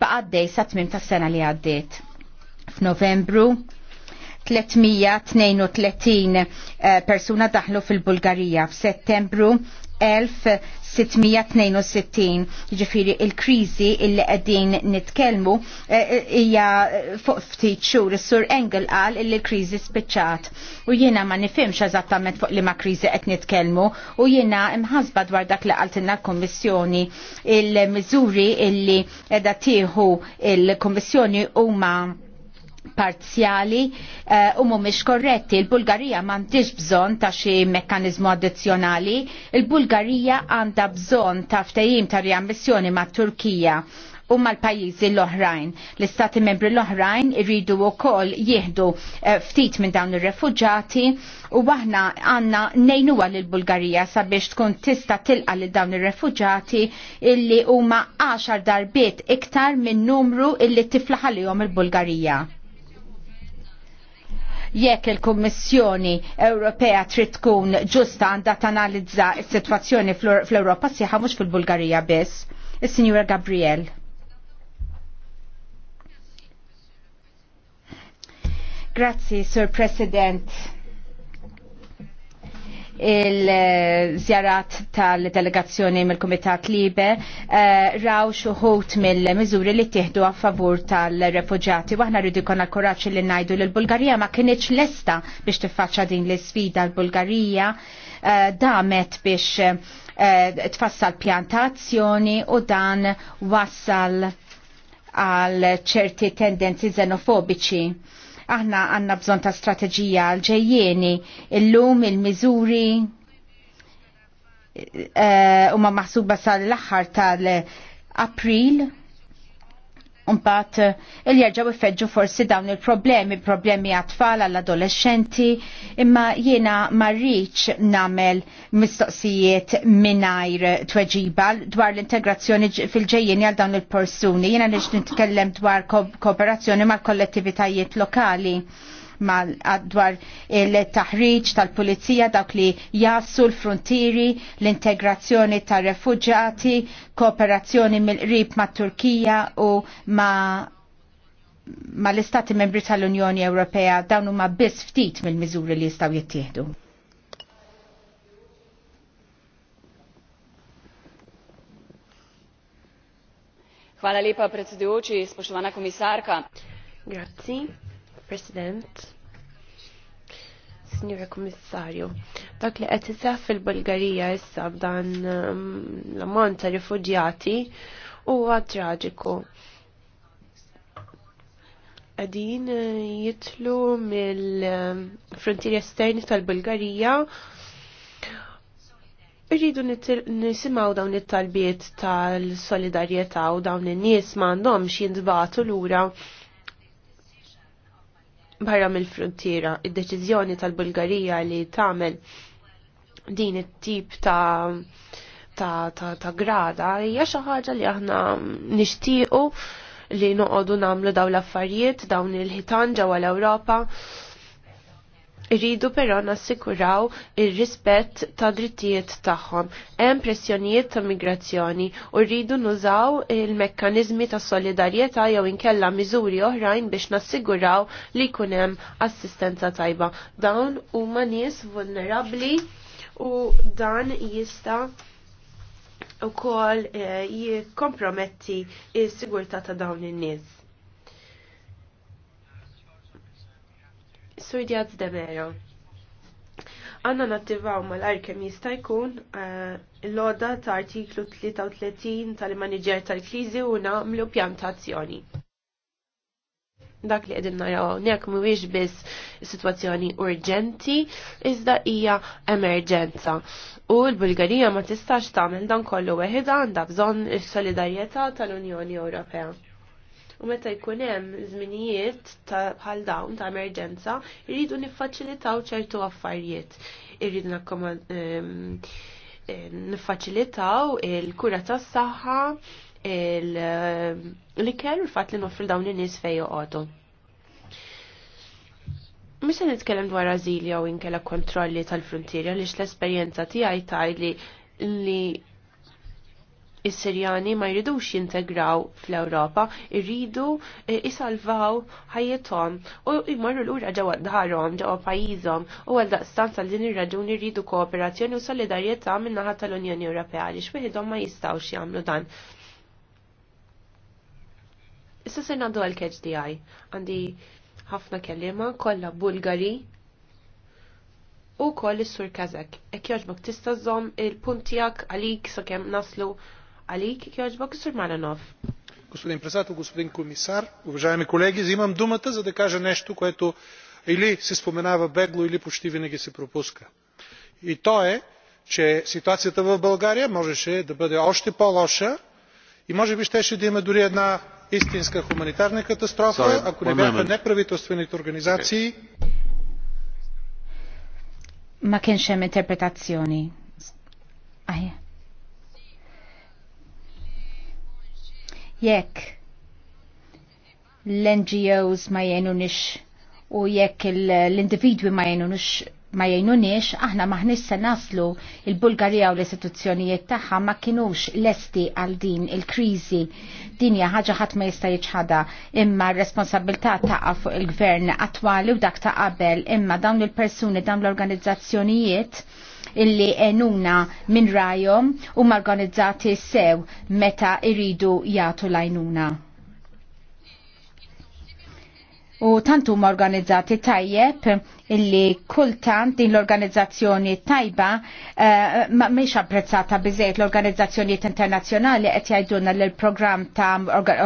baqaddej sa tmim tas-sena li 332 eh, persuna daħlu fil-Bulgarija f'Settembru 1662. Ġifiri il-krizi illi qegħdin nitkellmu eh, hija fuq ftit xhur is-Sur Engel qal illi l-kriżi spiċċat. U jiena ma nifhimx eżattament fuq li ma kriżi qed nitkellmu u jiena imħasba dwar dak li qaltilna l-Kummissjoni il-miżuri illi qiegħda tieħu il-Kummissjoni huma parzjali eh, u uh, mhumiex korretti. Il-Bulgarija m'għandix bżonn ta' xi mekkaniżmu addizzjonali, il-Bulgarija għandha bżonn ta' ftehim ta' riammissjoni mat Turkija u mal-pajjiżi l-oħrajn. L-istati membri l-oħrajn irridu wkoll jieħdu eh, ftit minn dawn ir-refuġati u aħna għandna nejnuha lill bulgarija sabiex tkun tista' tilqa lil dawn ir-refuġati illi huma għaxar darbiet iktar minn numru illi tiflaħalihom il-Bulgarija jekk il-Kummissjoni Ewropea trid tkun ġusta għandha tanalizza s-sitwazzjoni fl-Ewropa sieħa mhux fil-Bulgarija biss. Is-Sinjura Gabriel. Grazie, Sir President il-żjarat tal-delegazzjoni mill-Kumitat Libe eh, raw xuħut mill-miżuri li tieħdu a favur tal-refuġati. Waħna rridu jkollna l korraċ li ngħidu l-Bulgarija ma kienieċ lesta biex tiffaċċa din l-isfida l-Bulgarija eh, damet biex eh, tfassal pjantazzjoni u dan wassal għal ċerti tendenzi xenofobiċi Aħna għanna bżon ta' strategija għal-ġejjeni, illum il-mizuri eh, u ma maħsuba sal laħħar tal-April Unbat eh, il-jerġaw ifedġu forsi dawn il-problemi, problemi għat-tfal għall-adolescenti, imma jiena marriċ namel mistoqsijiet minajr tweġiba dwar l-integrazzjoni fil-ġejjeni għal dawn il-persuni. Jiena nix nitkellem dwar kooperazzjoni mal-kollettivitajiet lokali dwar il-taħriġ tal-pulizija dawk li jassu l-frontieri, l-integrazzjoni tar refugġati kooperazzjoni mill-qrib ma' Turkija u ma' ma l-Istati Membri tal-Unjoni Ewropea dawn huma biss ftit mill-miżuri li jistgħu jittieħdu. Hvala lepa predsedujoči, spoštovana komisarka. Grazie. President. Signora Kommissarju, dak li qed iseħħ fil-Bulgarija issa b'dan um, l-ammont ta' rifuġjati huwa traġiku. Qegħdin uh, jitlu mill-frontieri um, esterni tal-Bulgarija Irridu nisimaw dawn it-talbiet tal-solidarjetà u dawn in-nies m'għandhomx jindbatu lura barra mill-frontiera. Id-deċiżjoni tal-Bulgarija li tagħmel din it-tip ta' ta', ta, ta grada hija xi ħaġa li aħna nixtiequ li noqogħdu nagħmlu dawn l-affarijiet dawn il-ħitan ġewwa l-Ewropa Irridu però nassikuraw ir-rispett ta' drittijiet tagħhom. Hemm pressjonijiet ta' migrazzjoni u rridu nużaw il-mekkaniżmi ta' solidarjetà jew inkella miżuri oħrajn biex nassiguraw li jkun hemm assistenza tajba. Dawn huma nies vulnerabbli u dan jista' ukoll eh, jikkomprometti s sigurtà ta' dawn in-nies Sur Diaz de Mero. Għanna nattivaw mal-ar jista' jkun eh, l-oda ta' artiklu 33 tal-manager tal klizi u namlu pjantazzjoni. Dak li qegħdin naraw hawnhekk mhuwiex biss situazzjoni urġenti iżda hija emerġenza. U l-Bulgarija ma tistax tagħmel dan kollu weħida għandha bżonn is-solidarjetà tal-Unjoni Ewropea. U meta jkun hemm żminijiet bħal dawn ta' emerġenza, irridu niffaċilitaw ċertu affarijiet. Irridu ehm, eh, niffaċilitaw il-kura tas-saħħa, eh, l-ikel u l-fatt li noffri dawn in-nies fejn joqogħdu. Mux se nitkellem dwar Azilja u inkella kontrolli tal fruntierja għaliex l-esperjenza tiegħi tgħidli li is-Sirjani ma jridux jintegraw fl-Ewropa, irridu e, isalvaw ħajjithom u jmorru lura ġewwa dħarhom ġewwa pajjiżhom u għal daqstan tal din ir-raġuni rridu kooperazzjoni u solidarjetà min-naħa tal-Unjoni Ewropea li x'wieħedhom ma jistgħux jagħmlu dan. Issa se nagħdu għal KHDI għandi ħafna kelliema kollha Bulgari u koll is-Sur Kazak. Ekk jogħġbok tista' żomm il-puntijak għalik sakemm naslu Għalik, kjoġbok, sur Malanov. Господин председател, господин комисар, уважаеми zimam взимам думата, за да кажа нещо, което или се споменава бегло, или почти винаги се пропуска. И то е, че ситуацията в България можеше да бъде още по-лоша и може би щеше да има дори една истинска хуманитарна катастрофа, Sorry, ако не бяха неправителствените организации. Ma kienx hemm Ah, yeah. jekk l-NGOs ma jenunix u jekk l-individwi ma jenunix ma jgħinunix, aħna maħnix se naslu il-Bulgarija u l-istituzzjonijiet tagħha ma kinux lesti għal din il-kriżi. Din hija ħaġa ħadd ma jista' jiġħada imma r-responsabilità taqa' fuq il-gvern attwali u dak ta' qabel imma dawn il-persuni dawn l-organizzazzjonijiet illi enuna minn rajom u organizzati sew meta iridu jagħtu lajnuna. U tantu ma organizzati tajjeb illi kultant din l-organizzazzjoni tajba uh, ma miex apprezzata bizzejt l-organizzazzjonijiet internazzjonali qed jgħidulna li l-programm ta'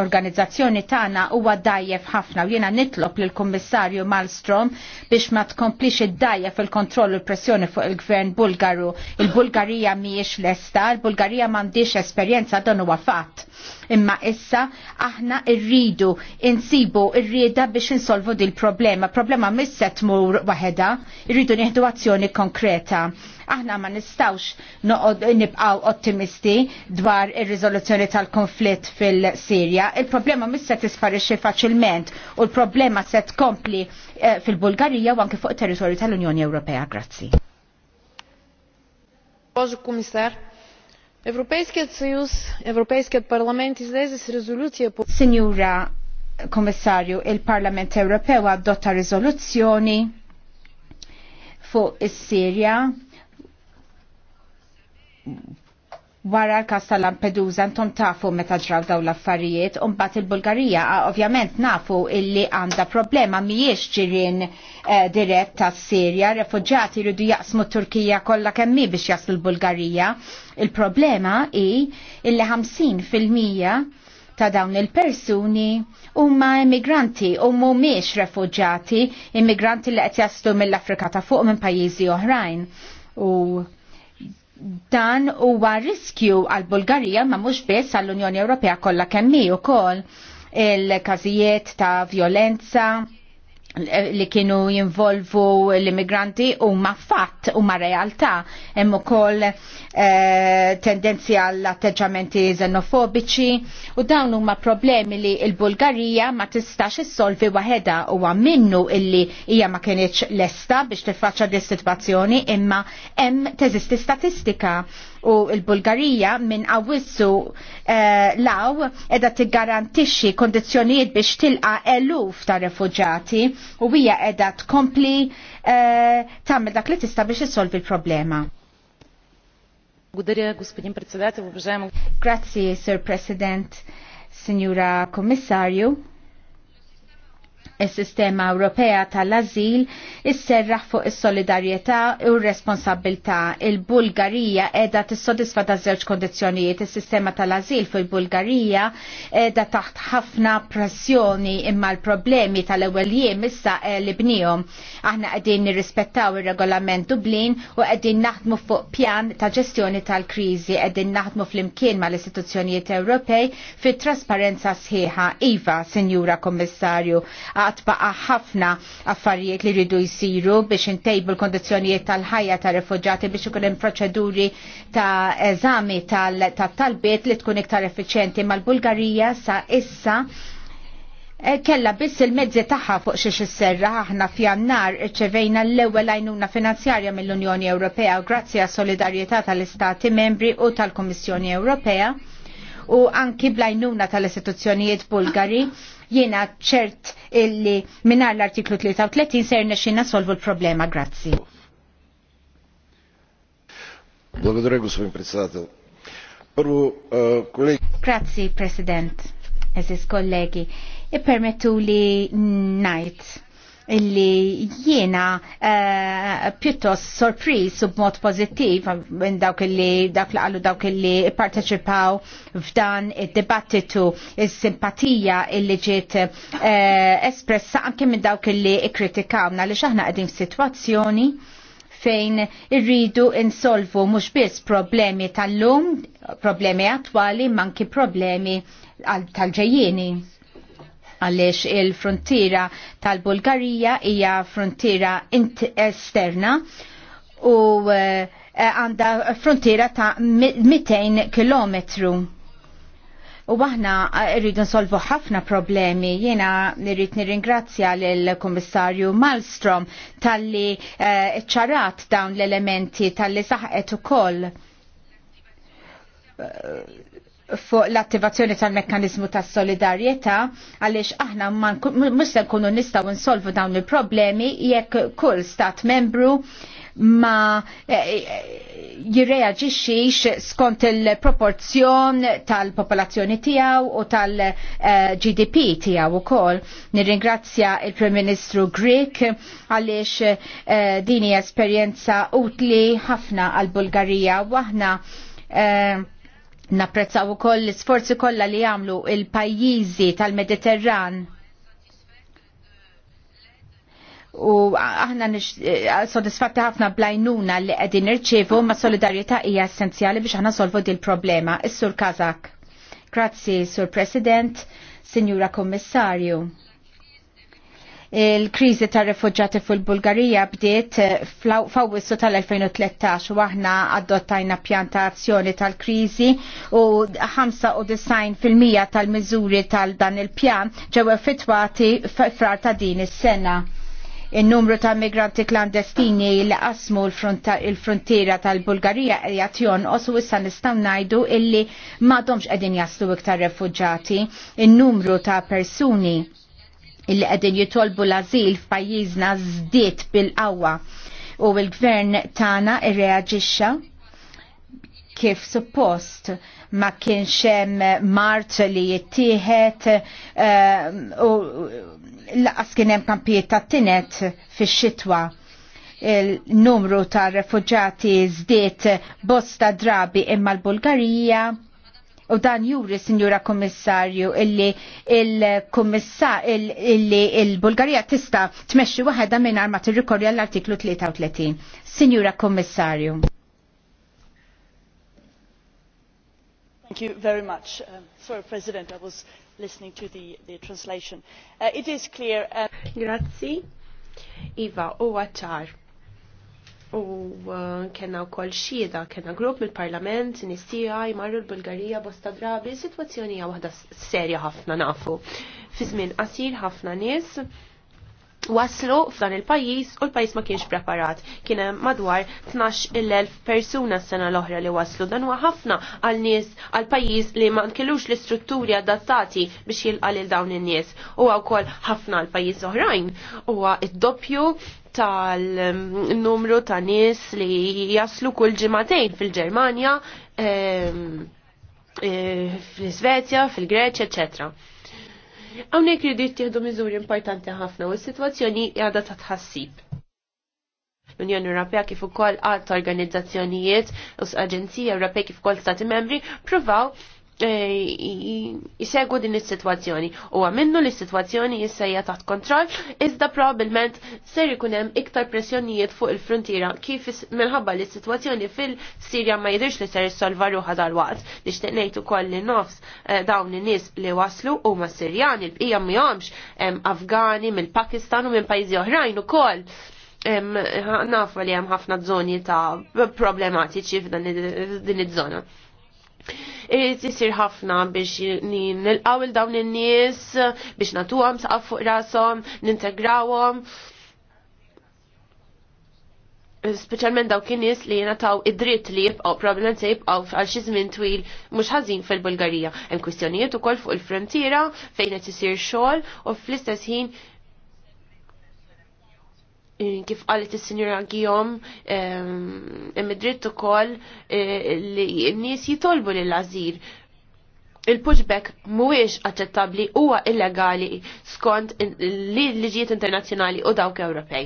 organizzazzjoni tagħna huwa dajjef ħafna u jiena nitlob lill kummissarju Malmstrom biex ma tkomplix id-dajjef il-kontroll u l-pressjoni fuq il-gvern Bulgaru. Il-Bulgarija mhijiex lesta, il-Bulgarija m'għandix esperjenza dan huwa fatt imma issa aħna irridu insibu irrieda biex insolvu dil problema problema mis se waħda, irridu nieħdu azzjoni konkreta. Aħna ma nistawx nibqaw ottimisti dwar ir-riżoluzzjoni tal-konflitt fil-Sirja. Il-problema mis se tisparixxi faċilment u l-problema se tkompli eh, fil-Bulgarija u anke fuq territorju tal-Unjoni Ewropea. Grazzi. Bożu Kummissar, Европейският съюз, Европейският parlament излезе с резолюция по... Сеньора il-Parlament Ewropew adotta riżoluzzjoni fuq is-Sirja wara l-kas ta' Lampedusa ntom tafu meta ġraw daw l-affarijiet, mbagħad il-Bulgarija ovvjament nafu illi għanda problema mhijiex ġirin eh, dirett ta' Sirja, refugġati jridu jaqsmu Turkija kollha kemmi biex jaslu l-Bulgarija. Il-problema i illi 50 fil-mija ta' dawn il-persuni huma immigranti u mhumiex refuġjati, immigranti li qed jaslu mill-Afrika ta' fuq minn pajjiżi oħrajn. U dan huwa riskju għal Bulgarija ma mhux biss għall-Unjoni Ewropea kollha kemm wkoll il-każijiet ta' violenza, li kienu jinvolvu l-immigranti u ma fatt u ma realtà hemm ukoll eh, tendenzi għall atteġġamenti xenofobiċi u dawn huma problemi li l-Bulgarija ma tistax issolvi waħedha u minnu illi hija ma kienx lesta biex tiffaċċa dis sitwazzjoni imma hemm teżisti statistika u l-Bulgarija minn għawissu eh, law edha tiggarantixxi kondizzjonijiet biex tilqa eluf ta' refugġati u hija edha tkompli eh, tagħmel dak li tista' biex issolvi l-problema. Благодаря, господин председател, уважаемо. Grazie, sir president, signora commissario. Is-sistema Ewropea tal-Azil isserraħ fuq is-solidarjetà u r-responsabilità. Il-Bulgarija edha tissodisfa ta' żewġ kondizzjonijiet is-sistema tal-Azil fuq il-Bulgarija edha taħt ħafna pressjoni imma l-problemi tal-ewwel jiem issa eh, li bnihom. Aħna qegħdin nirrispettaw ir-regolament Dublin u qegħdin naħdmu fuq pjan ta' ġestjoni tal-kriżi, qegħdin naħdmu fl-imkien mal-istituzzjonijiet Ewropej fit-trasparenza sħiħa. Iva, Sinjura Kommissarju, fil baqa ħafna affarijiet li rridu jsiru biex intejbu l-kondizjonijiet tal-ħajja ta' refugġati biex ikun hemm proċeduri ta' eżami tal-talbiet li tkun iktar effiċjenti mal-Bulgarija sa' issa eh, kella biss il-mezzi taħħa fuq xiex serra aħna f'jannar ċevejna l-ewwel għajnuna finanzjarja mill-Unjoni Ewropea grazzi għas solidarjetà tal-Istati membri u tal-Kummissjoni Ewropea u anki blajnuna tal-istituzzjonijiet bulgari jiena ċert illi minar l-artiklu 33 ser nexxina solvu l-problema. Grazzi. Благодаря, President, eżis kollegi. I permettu li najt illi jiena uh, pjuttost sorpriż u b'mod pozittiv minn dawk illi dawk li qalu dawk illi parteċipaw f'dan id-dibattitu is-simpatija illi ġiet eh, espressa anke minn dawk illi ikkritikawna li xaħna qegħdin f'sitwazzjoni fejn irridu insolvu mhux biss problemi tal-lum, problemi attwali, manki problemi tal-ġejjieni għaliex il-frontiera tal-Bulgarija hija frontiera esterna u eh, għanda frontiera ta' 200 km. U aħna rridu nsolvu ħafna problemi. Jena rrid nirringrazzja lill-Kummissarju Malmstrom talli eh, ċarat dawn l-elementi talli saħqet ukoll fuq l-attivazzjoni tal-mekkanizmu ta' solidarjetà għaliex aħna mhux se nkunu nistgħu nsolvu dawn il-problemi jekk kull stat membru ma eh, eh, jirreaġixxiex skont il-proporzjon tal-popolazzjoni tiegħu u tal-GDP tiegħu kol. Nirringrazzja il-Prim Ministru Grek għaliex eh, dini esperjenza utli ħafna għal-Bulgarija u aħna Napprezzaw ukoll l-isforzi kollha li jagħmlu il-pajjiżi tal-Mediterran u aħna eh, sodisfatti ħafna blajnuna li qegħdin irċievu ma' solidarjetà hija essenzjali biex aħna solvu din il-problema. Is-Sur Kazak. Grazzi, Sur President, Sinjura Kommissarju. Il-krizi ta' refugġati fil-Bulgarija bdiet eh, fawissu tal-2013 u aħna adottajna pjanta azzjoni tal-krizi u 95% tal-miżuri tal-dan il-pjan ġew effettwati frar ta' din is-sena. Il-numru ta' migranti klandestini li qasmu l-frontiera tal-Bulgarija qiegħed jonqos u issa nistgħu ngħidu illi m'għadhomx qegħdin jaslu iktar refuġġati. Il-numru ta' persuni illi qegħdin jitolbu l-azil f'pajjiżna żdiet bil-qawwa u l-gvern tagħna irreaġixxa kif suppost ma kienx hemm mart li jittieħed eh, u laqas kien hemm kampijiet tat tinet fix-xitwa il-numru ta' refuġati żdiet bosta drabi imma l-Bulgarija U dan juri, Sinjura Kommissarju, illi il-Kommissar, illi il-Bulgarija tista tmexxi waħda minn armat il l artiklu 33. Sinjura Kommissarju. Thank you very much. Um, sorry, President, I was listening to the, the translation. Uh, it is clear. Uh... Grazie. Iva, u għacċar U uh, kena u kol xieda, kena grupp mill-parlament, nistija, jmarru l-Bulgarija, bosta drabi, situazzjoni hija waħda serja ħafna nafu. Fi żmien qasir ħafna nies waslu f'dan il-pajis u l-pajis ma kienx preparat. Kien hemm madwar 12,000 persuna s-sena l-oħra li waslu. Dan huwa ħafna għal nies għal pajis li ma nkellux l-istrutturi adattati biex jilqal lil dawn in-nies. Huwa wkoll ħafna għal pajjiż oħrajn. Huwa id-doppju tal-numru ta' nies li jaslu kull ġimatejn fil-Ġermanja, ehm, eh, fil-Svezja, fil-Greċja, etc. Hawnhekk jridu jihdu miżuri importanti ħafna u s-sitwazzjoni għadha ta' tħassib. L-Unjoni Ewropea kif ukoll għad organizzazzjonijiet u s-Aġenzija Ewropea kif ukoll Stati Membri provaw jisegu eh, din is-sitwazzjoni. U għamennu li situazzjoni sitwazzjoni taħt kontroll, iżda probabbilment ser ikun hemm iktar pressjonijiet fuq il-frontiera kif minħabba li s-sitwazzjoni fil-Sirja ma jidhirx li ser issolva ruħa dal-waqt. Li ngħid ukoll li nofs eh, dawn in-nies li waslu huma Sirjani, l-bqija mihomx Afgani mill-Pakistan u minn pajjiżi oħrajn ukoll nafu li hemm ħafna żoni ta' problematiċi f'dan id żona Irrid isir ħafna biex nilqaw il dawn in-nies, biex natuhom saqaf fuq rashom, nintegrawhom. Speċjalment dawk in-nies li jingħataw id-dritt li jibqgħu problem se jibqgħu għal xi żmien twil mhux ħażin fil-Bulgarija. Hemm kwistjonijiet ukoll fuq il-frontiera fejn qed isir xogħol u fl-istess ħin kif qalet is-sinjura Gijom hemm kol ukoll e, li n-nies jitolbu l azir il-pushback mhuwiex aċċettabbli huwa illegali skont l-liġijiet internazzjonali u dawk Ewropej.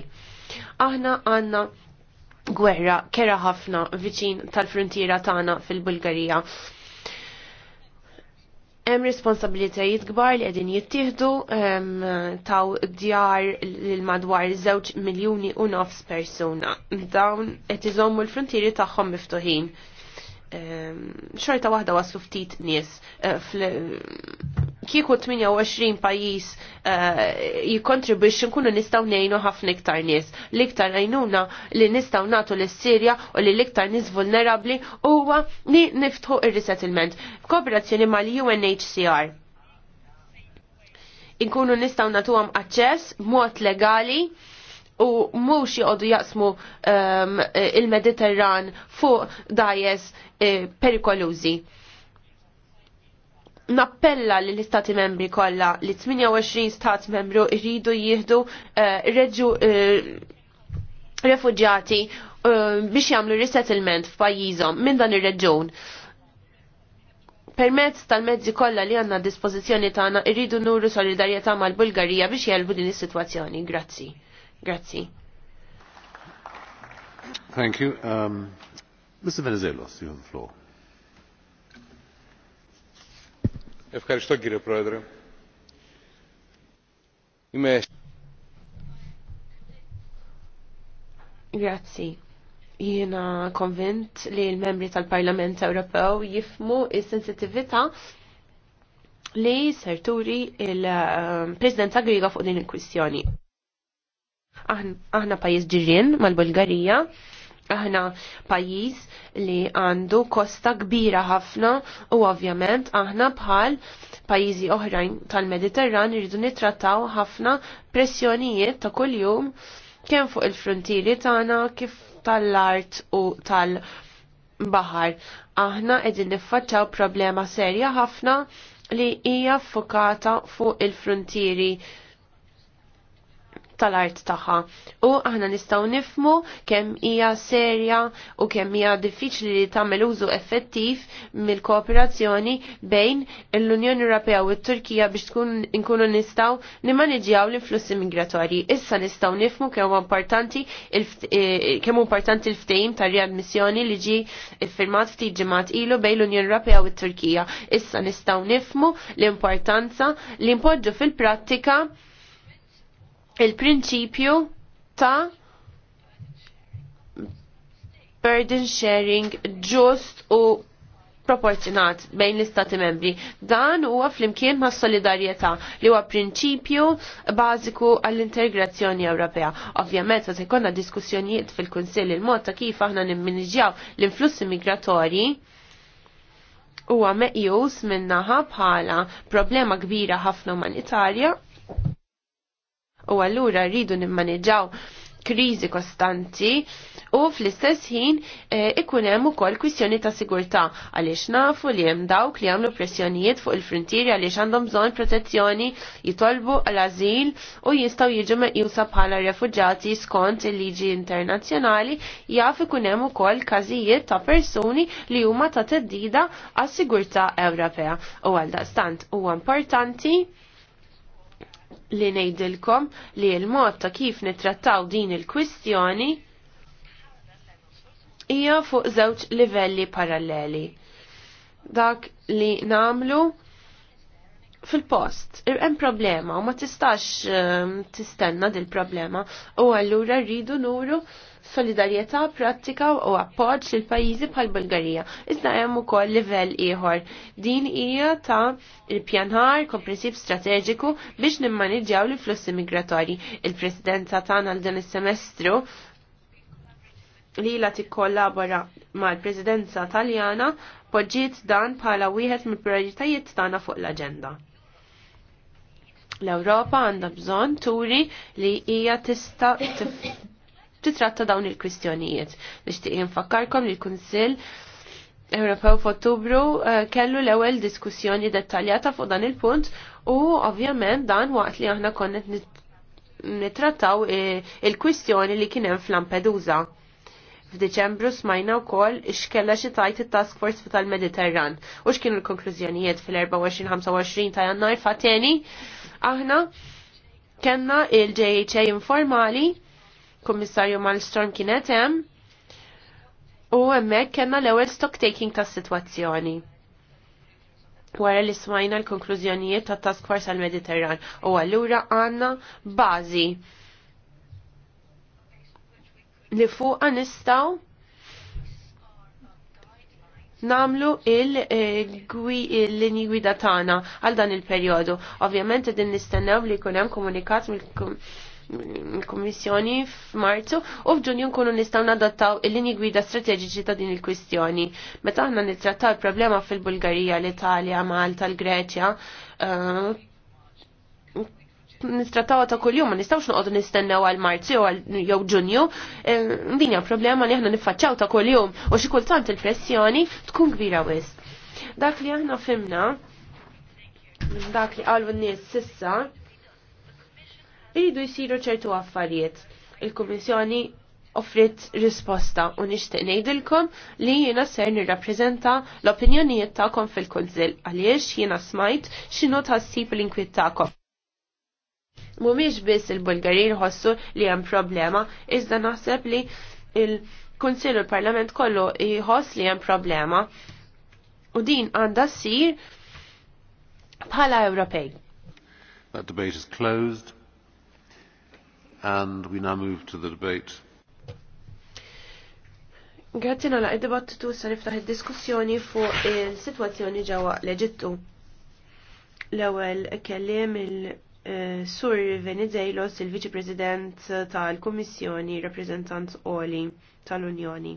Aħna għandna gwerra kera ħafna viċin tal-frontiera tagħna fil-Bulgarija. Hemm responsabilitajiet kbar li qegħdin jittieħdu ehm, taw djar lil madwar żewġ miljuni u nofs persuna. Dawn qed iżommu l-frontieri tagħhom miftuħin. Ehm, xorta waħda waslu ftit nies eh, kieku 28 pajis eh, jikontribuix nkunu nistaw nejnu ħafna iktar nies. L-iktar għajnuna li nistaw natu l-Sirja u li iktar nies vulnerabli huwa ni niftħu ir-resettlement f'kooperazzjoni mal-UNHCR. Inkunu nistaw għam aċċess mod legali u mhux joqogħdu jaqsmu um, il-Mediterran fuq dajes eh, perikolużi. Nappella li l-istati membri kollha li 28 stat membru jridu jieħdu uh, reġu eh, refugjati eh, biex jagħmlu resettlement f'pajjiżhom minn dan ir-reġun permezz tal-mezzi kollha li għandna dispożizzjoni tagħna irridu nuru solidarjetà mal-Bulgarija biex jelbu din is-sitwazzjoni. Grazzi. Grazie. Thank you. Um, Mr. Venizelos, you have the floor. Ευχαριστώ κύριε Πρόεδρε. Είμαι... Grazie. Jiena konvint li l-membri tal-Parlament Ewropew jifmu il-sensitivita li serturi il-Presidenza um, Griega fuq din il-kwistjoni. Aħna pajjiż ġirien mal-Bulgarija, aħna pajjiż li għandu kosta kbira ħafna u ovvjament aħna bħal pajjiżi oħrajn tal-Mediterran irridu nittrattaw ħafna pressjonijiet ta' kuljum kemm fuq il-frontieri tagħna kif tal-art u tal-baħar. Aħna qegħdin niffaċċaw problema serja ħafna li hija fokata fuq il-frontieri tal-art tagħha. U aħna nistgħu nifmu kemm hija serja u kemm hija diffiċli li tagħmel użu effettiv mill-kooperazzjoni bejn l-Unjoni Ewropea u t-Turkija biex tkun inkunu nistgħu nimmaniġjaw l-influssi migratorji. Issa nistgħu nifmu kemm importanti eh, kemm importanti l-ftehim tar riadmissjoni li ġi firmat ftit ġimgħat ilu bejn l-Unjoni Ewropea u t-Turkija. Issa nistgħu nifmu l-importanza li npoġġu fil-prattika il-prinċipju ta' burden sharing ġust u proporzjonat bejn l-istati membri. Dan huwa flimkien ma' solidarjetà li huwa prinċipju bażiku għall-integrazzjoni Ewropea. Ovvjament se jkollna diskussjonijiet fil-Kunsill il-mod ta' kif aħna nimminiġjaw l-influssi migratorji huwa meqjus minnaħa bħala problema kbira ħafna umanitarja u allura rridu nimmaneġaw kriżi kostanti u fl-istess ħin e, ikun hemm ukoll kwistjoni ta' sigurtà għaliex nafu li hemm dawk li għamlu pressjonijiet fuq il-frontieri għaliex għandhom bżonn protezzjoni jitolbu għal ażil u jistgħu jiġu meqjusa bħala refugġati skont il-liġi internazzjonali jaf ikun hemm ukoll każijiet ta' persuni li huma ta' teddida għas-sigurtà Ewropea u għal daqstant huwa importanti li nejdilkom li l-mod ta' kif nitrattaw din il-kwistjoni hija fuq żewġ livelli paralleli. Dak li namlu fil-post, hemm problema u ma tistax ehm, tistenna dil problema u allura rridu nuru solidarjetà pratika u appoġġ il pajjiżi bħal Bulgarija. Iżda hemm ukoll livell ieħor. Din hija ta' il-pjanar komprensiv strateġiku biex nimmaniġġjaw l-flussi migratorji. Il-Presidenza tagħna għal dan is-semestru li la tikkollabora mal-Presidenza Taljana poġġiet dan bħala wieħed mill-prioritajiet tagħna fuq l-aġenda. L-Ewropa għandha bżonn turi li hija tista' titratta dawn il-kwistjonijiet. Nixtieq infakkarkom li l-Kunsill Ewropew f'Ottubru eh, kellu l-ewwel diskussjoni dettaljata fuq dan il-punt u ovvjament dan waqt li aħna konnet nitrattaw eh, il-kwistjoni li kien hemm f'Lampedusa. F'Diċembru smajna wkoll x'kella xi tajt it-Task Force tal-Mediterran u x'kienu l-konklużjonijiet fil-24-25 ta' Jannar fateni. Aħna kenna il-JHA informali, Kummissarju Malmstrom kienet hemm, u hemmhekk kenna l-ewwel stock taking tas-sitwazzjoni wara li smajna l-konklużjonijiet ta' Task Force għal mediterran u allura għanna bażi li fuqa nistaw namlu il eh, l-lini gwida tagħna għal dan il periodu Ovvjament din nistennew li jkun hemm komunikat mill-Kummissjoni f'Marzu u f'Ġunju nkunu nistgħu nadattaw il lini gwida strateġiċi ta' din il-kwistjoni. Meta aħna nittrattaw il-problema fil-Bulgarija, l-Italja, Malta, l-Greċja, eh, Nistrattaw ta' kuljum, ma nistawx noqogħdu nistennew għal Marzi u għal jew Ġunju. Eh, din hija problema li aħna niffaċċaw ta' kuljum u xi kultant il-pressjoni tkun kbira wis. Dak li aħna fimna, dak li qalu n-nies sissa, iridu jsiru ċertu affarijiet. Il-Kummissjoni offrit risposta u nixtieq ngħidilkom li jiena ser nirrappreżenta l-opinjonijiet tagħkom fil-Kunżill għaliex jiena smajt x'inhu tħassib l-inkwiet tagħkom. Mumiex biss il-Bulgari jħossu li hemm problema, iżda naħseb li il-Kunsill u l-Parlament kollu jħoss li hemm problema. U din għandha ssir bħala Ewropej. That debate is closed and we now move to the debate. Grazzi nalla, id-dibattitu sa niftaħ id-diskussjoni fuq il-sitwazzjoni ġewwa l-Eġittu. L-ewwel kellim il- Eh, Sur Venizelos, il-Viċi President tal-Kummissjoni, Reprezentant Oli tal-Unjoni.